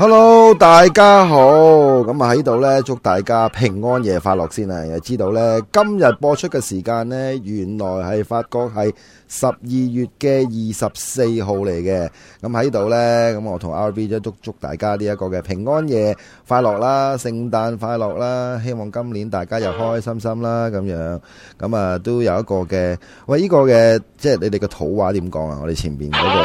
Hello，大家好，咁啊喺度呢，祝大家平安夜快樂先啦。又知道呢，今日播出嘅時間呢，原來係發覺係十二月嘅二十四號嚟嘅。咁喺度呢，咁我同 R B 都祝祝大家呢一個嘅平安夜快樂啦，聖誕快樂啦，希望今年大家又開開心心啦，咁樣，咁啊都有一個嘅。喂，呢個嘅即係你哋嘅土話點講啊？我哋前面嗰個。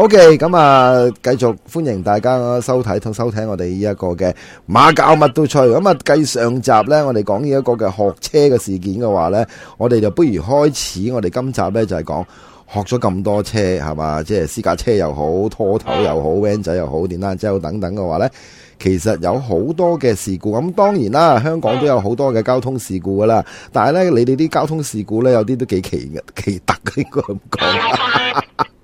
Ok，咁啊，繼續歡迎大家收睇、收收聽我哋呢一個嘅馬交乜都吹，咁啊，繼上集呢，我哋講呢一個嘅學車嘅事件嘅話呢，我哋就不如開始我哋今集呢，就係、是、講學咗咁多車係嘛，即係私家車又好，拖頭又好，van 仔又好，電單車又等等嘅話呢，其實有好多嘅事故，咁當然啦，香港都有好多嘅交通事故噶啦，但係呢，你哋啲交通事故呢，有啲都幾奇奇特嘅應該咁講。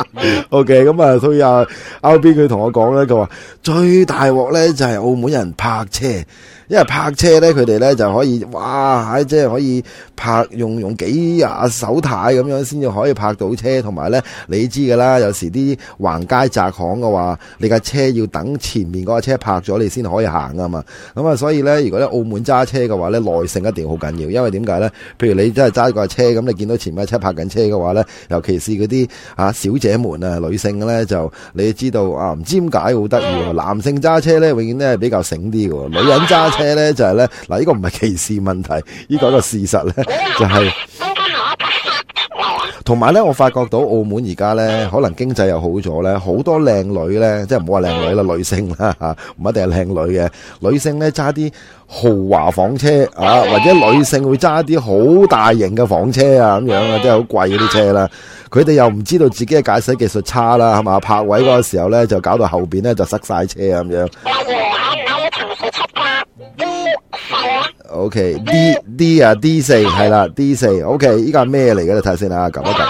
O.K. 咁、so, 啊、uh，所以啊，阿 B 佢同我講咧，佢話最大鑊咧就係澳門人泊車，因為泊車咧佢哋咧就可以哇，即、啊、係、就是、可以泊用用幾啊手太咁樣先至可以泊到車，同埋咧你知噶啦，有時啲橫街窄巷嘅話，你架車要等前面嗰架車泊咗你先可以行啊嘛。咁啊，所以咧如果咧澳門揸車嘅話咧耐性一定要好緊要，因為點解咧？譬如你真係揸架車咁，你見到前面架車泊緊車嘅話咧，尤其是嗰啲啊小姐。啊！女性咧就你知道啊，唔知點解好得意。男性揸車咧，永遠咧係比較醒啲嘅。女人揸車咧就係、是、咧，嗱、這、呢個唔係歧視問題，呢、這個係個事實咧，就係、是。同埋咧，我發覺到澳門而家咧，可能經濟又好咗咧，好多靚女咧，即係唔好話靚女啦，女性啦嚇，唔 一定係靚女嘅女性咧，揸啲豪華房車啊，或者女性會揸啲好大型嘅房車啊，咁樣啊，即係好貴嗰啲車啦。佢哋又唔知道自己嘅駕駛技術差啦，係嘛？泊位嗰個時候咧，就搞到後邊咧就塞曬車啊，咁樣。O K D D 啊 D 四係啦 D 四 O K 依個係咩嚟噶？你睇先啦，撳一撳。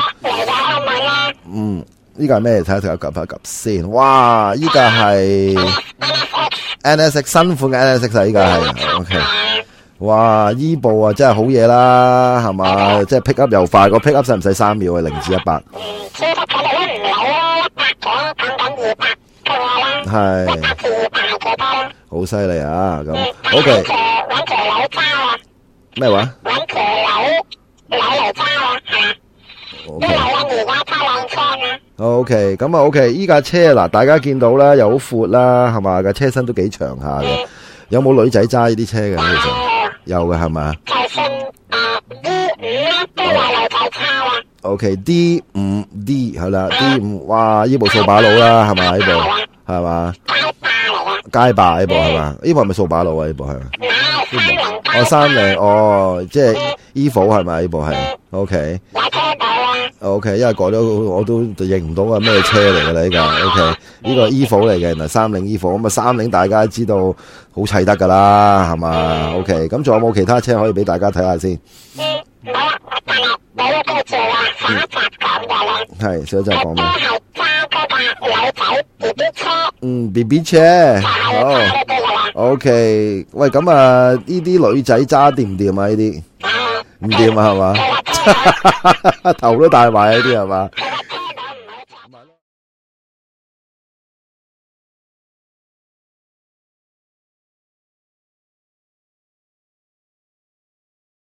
嗯，依個係咩？睇一睇，撳一撳先。哇！依個係 NSX 新款嘅 NSX 壹世，依個係 O K。哇！依部啊，真係好嘢啦，係嘛？即係 pickup 又快，個 pickup 使唔使三秒啊？零至一百。係。好犀利啊！咁，OK，咩話？搵蛇佬佬嚟揸啊！OK，咁啊 OK，依架車嗱，大家見到啦，又好闊啦，係嘛？架車身都幾長下嘅，有冇女仔揸依啲車嘅？其實有嘅，係嘛？OK，D 五 D 係啦，D 五哇，依部掃把佬啦，係嘛？依部係嘛？街霸呢部係嘛？呢部係咪掃把路啊？呢部係，三都哦三菱哦，即係 Evo 係嘛？呢部係，OK，OK，、okay. okay, 因為改咗，我都認唔到係咩車嚟噶呢個，OK，呢個 Evo 嚟嘅嗱三菱 Evo，咁啊三菱大家知道好砌得噶啦，係嘛，OK，咁仲有冇其他車可以俾大家睇下先？係、嗯，即係講咩？電單車，好，OK，喂，咁啊，呢啲女仔揸掂唔掂啊？呢啲唔掂啊，係嘛？頭都大埋，呢啲係嘛？